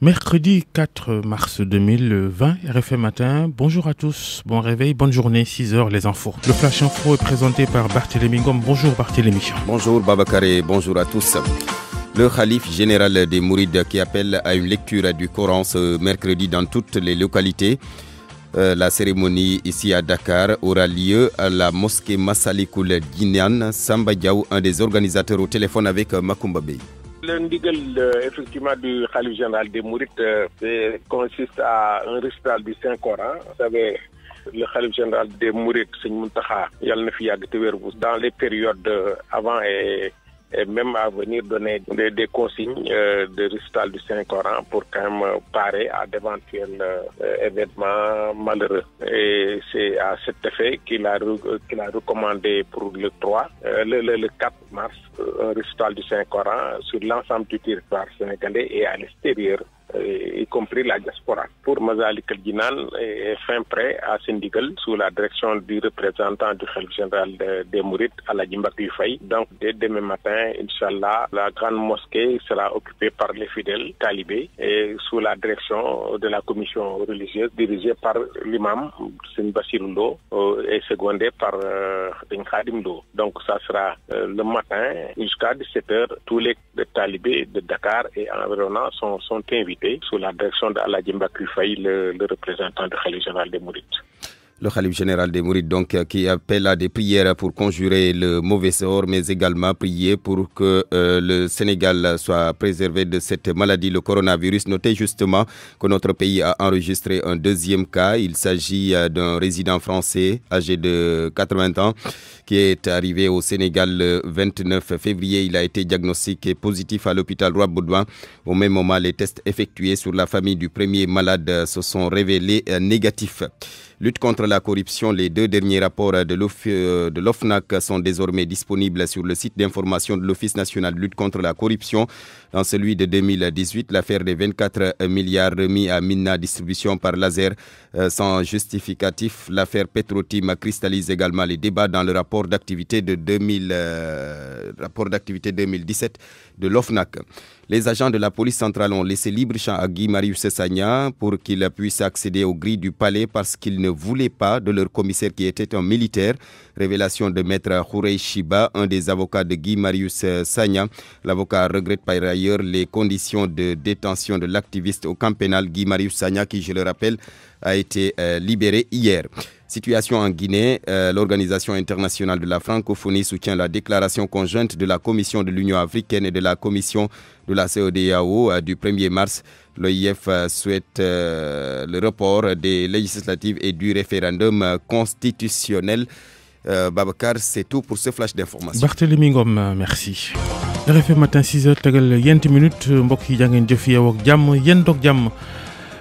Mercredi 4 mars 2020, RFM Matin, bonjour à tous, bon réveil, bonne journée, 6h les infos. Le Flash Info est présenté par Barthélémy Gom. bonjour Barthélémy. Bonjour Babacaré, bonjour à tous. Le calife général des Mourides qui appelle à une lecture du Coran ce mercredi dans toutes les localités. Euh, la cérémonie ici à Dakar aura lieu à la mosquée Massalikoul Guinan. Samba Diaw, un des organisateurs au téléphone avec Makumba Bey le ndigal euh, effectivement du Khalif général des Mourites euh, consiste à un restaurant du Saint-Coran. Vous savez, le Khalif général des Mourites, c'est Muntaha, Il y a le te dans les périodes euh, avant et et même à venir donner des, des consignes euh, de récital du Saint-Coran pour quand même euh, parer à d'éventuels euh, événements malheureux. Et c'est à cet effet qu'il a, recommandé pour le 3, le, le, 4 mars, un récital du Saint-Coran sur l'ensemble du territoire sénégalais et à l'extérieur euh, y compris la diaspora. Pour Mazali al euh, est fin prêt à Sindigal, sous la direction du représentant du chef général des Mourides à la Faye. Donc dès demain matin, Inch'Allah, la grande mosquée sera occupée par les fidèles talibés et sous la direction de la commission religieuse dirigée par l'imam Sin Ndou euh, et secondée par euh, Khadim Donc ça sera le matin jusqu'à 17h tous les de talibés de Dakar et environnants sont, sont invités sous la direction d'Aladjimba Koufaï, le, le représentant de régional Général des Mourides. Le Khalif général des Mourides, donc, euh, qui appelle à des prières pour conjurer le mauvais sort, mais également prier pour que euh, le Sénégal soit préservé de cette maladie, le coronavirus. Notez justement que notre pays a enregistré un deuxième cas. Il s'agit euh, d'un résident français âgé de 80 ans qui est arrivé au Sénégal le 29 février. Il a été diagnostiqué positif à l'hôpital Roi Baudouin. Au même moment, les tests effectués sur la famille du premier malade se sont révélés négatifs. Lutte contre la corruption, les deux derniers rapports euh, de l'OFNAC sont désormais disponibles sur le site d'information de l'Office national de lutte contre la corruption. Dans celui de 2018, l'affaire des 24 milliards remis à Minna Distribution par laser euh, sans justificatif. L'affaire Petrotim cristallise également les débats dans le rapport d'activité de euh, d'activité 2017 de l'OFNAC. Les agents de la police centrale ont laissé libre champ à Guy Marius Sagna pour qu'il puisse accéder au gris du palais parce qu'il ne ne voulaient pas de leur commissaire qui était un militaire. Révélation de maître Hourey Shiba, un des avocats de Guy Marius euh, Sagna. L'avocat regrette par ailleurs les conditions de détention de l'activiste au camp pénal Guy Marius Sagna qui, je le rappelle, a été euh, libéré hier. Situation en Guinée, euh, l'Organisation internationale de la francophonie soutient la déclaration conjointe de la Commission de l'Union africaine et de la Commission de la CODAO e euh, du 1er mars. L'OIF euh, souhaite le report des législatives et du référendum constitutionnel. Babacar, c'est tout pour ce flash d'informations. Barthélémy Ngom, merci.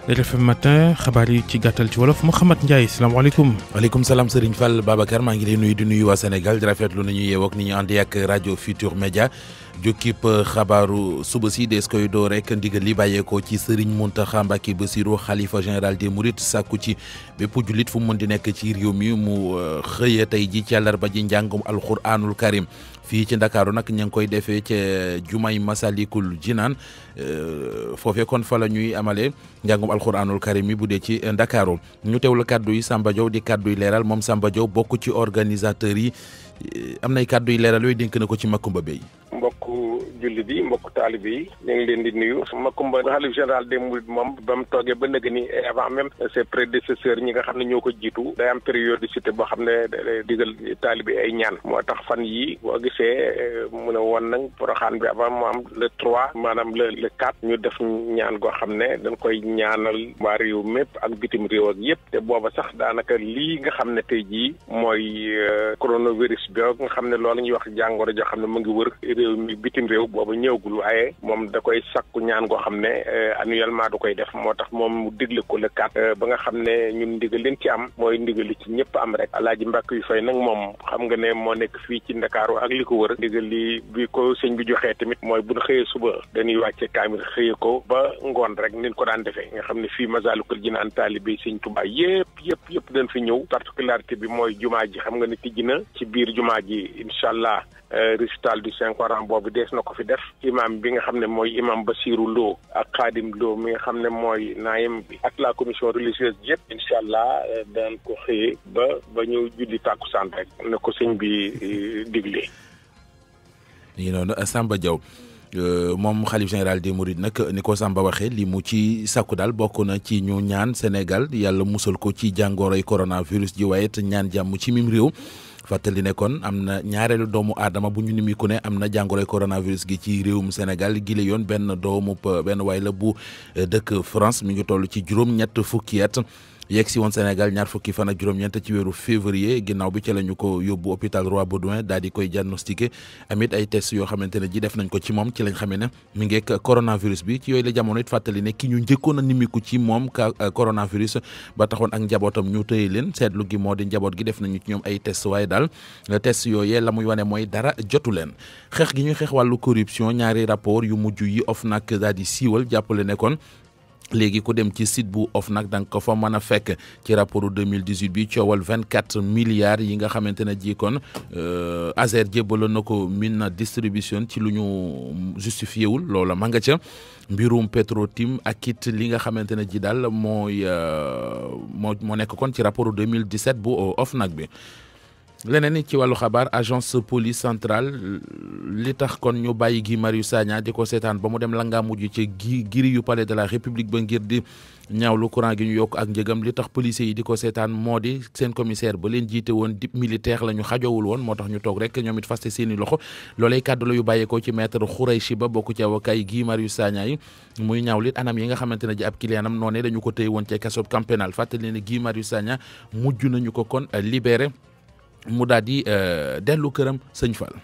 RFM matin xabaar yi ci gàttal ci wolof Mouhamed Ndiaye salaamaaleykum. waaleykum salaam Serigne Fall Babacar maa ngi lay nuyu di nuyu waa Sénégal di rafetlu nañu yeewoo ak ni ñu ànd ak rajo Futur Média. jukkib xabaaru suba si des koy doo rek ndigal li bàyyeekoo ci Serigne Mountakha ba Bassirou xalifa général des Mourides sàkku ci bépp jullit fu mu mën di nekk ci réew mi mu euh, xëyee tey ji ci ba ji njàngum alxuraanul karim fii ci ndakaaru nag ña ngi koy defee ca jumay masalikul jinaan euh, foofee kon fa la ñuy amale njàngum alxuraanul karim yi bu dee ci ndakaaru ñu teewlu kàddu yi Samba Diaw di kàddu yi leeral moom Samba Diaw bokk ci organisateurs yi euh, am nay kàddu yi leeral yooyu na ko ci Makumba Bey jullit yi mbokk taalibe yi ñu ngi leen di nuyu Makumba xalif général des mourides moom ba mu toogee ba nëgg ni avant même ses prédécesseurs ñi nga xam ne ñoo ko jiitu day am périodicité boo xam ne digal taalibe ay ñaan moo tax fan yi boo gisee euh, mu ne woon nag poroxaan bi avant mu am le trois maanaam le le quatre ñu def ñaan goo xam ne dañ koy ñaanal waa réew mépp ak bitim réew ak yëpp te booba sax daanaka lii nga xam ne te jii mooy euh, coronavirus bi nga xam ne loolu ñuy wax jàngoro joo xam ne mu ngi wër réew mi bitim réew ñëw boobu ñëwagul waaye moom da koy sakku ñaan goo xam ne euh, annuellement da koy def moo tax moom mu digle ko la kat euh, ba nga xam ne ñun ndigal leen ci am mooy ndigal ci ñëpp am rek alaaji mbàkk yu fay nag moom xam nga ne moo nekk fii ci ndakaaru ak li ko wër ndigal li bi ko sëñ bi joxee tamit mooy bu nu xëyee suba dañuy wàcce kaamil xëyee ko ba ngoon rek nin ko daan defee nga xam ne fii Masaalikul Jinaan taalibe sëñ Tuubaa yëpp yëpp yëpp dañ fi ñëw particularité bi mooy jumaa ji xam nga ne tijji na ci biir jumaa ji incha allah euh, récital du Saint Coran boobu dees na ko fi def imam bi nga xam ne mooy imam Basirou Lo ak Khadim Lo mi nga xam ne mooy naayam bi ak la commission religieuse bi yëpp incha allah eh, daan ko xëyee ba ba ñu julli tàkkusaan rek ne ko sëñ bi eh, digle. nii noonu Samba Diaw euh, moom xalif général des Mourides nag ni ko Samba waxee li mu ci sàkku daal bokk na ci ñu ñaan senegal yàlla musal ko ci jàngoroy coronavirus ji waaye it ñaan jàmm ci mim réew. fàttali ne kon am na ñaareelu doomu aadama bu ñu nimiku ne am na jàngoroy coronavirus gi ci réewum Sénégal gi yoon benn doomu benn waay la bu eh, dëkk France mi ngi toll ci juróom-ñett fukki at yegg si woon Sénégal ñaar fukki fan ak juróom-ñeent ci weeru février ginnaaw bi ci la ñu ko yóbbu hôpital Roi Baudouin daal di koy diagnostiqué amit ay test yoo xamante ne ji def nañ ko ci moom ci lañ xamee ne mi ngeek coronavirus bi ci yooyu la jamono fàttali ne ki ñu njëkkoon a nimiku ci moom ka euh, coronavirus ba taxoon ak njabootam ñu tëye leen seetlu gi moo di njaboot gi def nañu ci ñoom ay tests waaye daal euh, tests yooyee la muy wane mooy dara jotu leen xeex gi ñuy xeex wàllu corruption ñaari rapport yu mujj yi OFNAC daal di siiwal jàppale ne kon léegi ku dem ci site bu OFNAC da nga ko fa mën a fekk ci rapport 2018 bi coowal 24 milliards yi nga xamante ne ji kon euh, ASER jébbaloon na ko Minna Distribution ci lu ñu justifié wul loola ma nga ca mbirum Petrotim ak it li nga xamante ne ji daal mooy euh, moo moo nekk kon ci deux mille rapport 2017 bu OFNAC bi. leneen ci wàllu xabaar agence police centrale li tax kon ñu bàyyi Guy yu Sagna di ko seetaan ba mu dem la ngaa mujj ci gi giri yu palais de la république ba ngir di ñaawlu courant gi ñu yokk ak njegam li tax policiers yi di ko seetaan moo di seen commissaire ba leen jiite woon dip militaire la ñu xajowul woon moo tax ñu toog rek ñoom it faste seeni loxo loolay kàddu la yu bàyyeekoo ci maître Khoureychi Ba bokk ci avocat mar Marius Sagna yi muy ñaawlit anam yi nga xamante ne ji ab clientam noonee dañu ko téye woon ci kaso camp pénal fàttali ne Guy Marius Sagna mujj nañu ko kon libéré mu daal di euh, dellu këram sëñ Fall.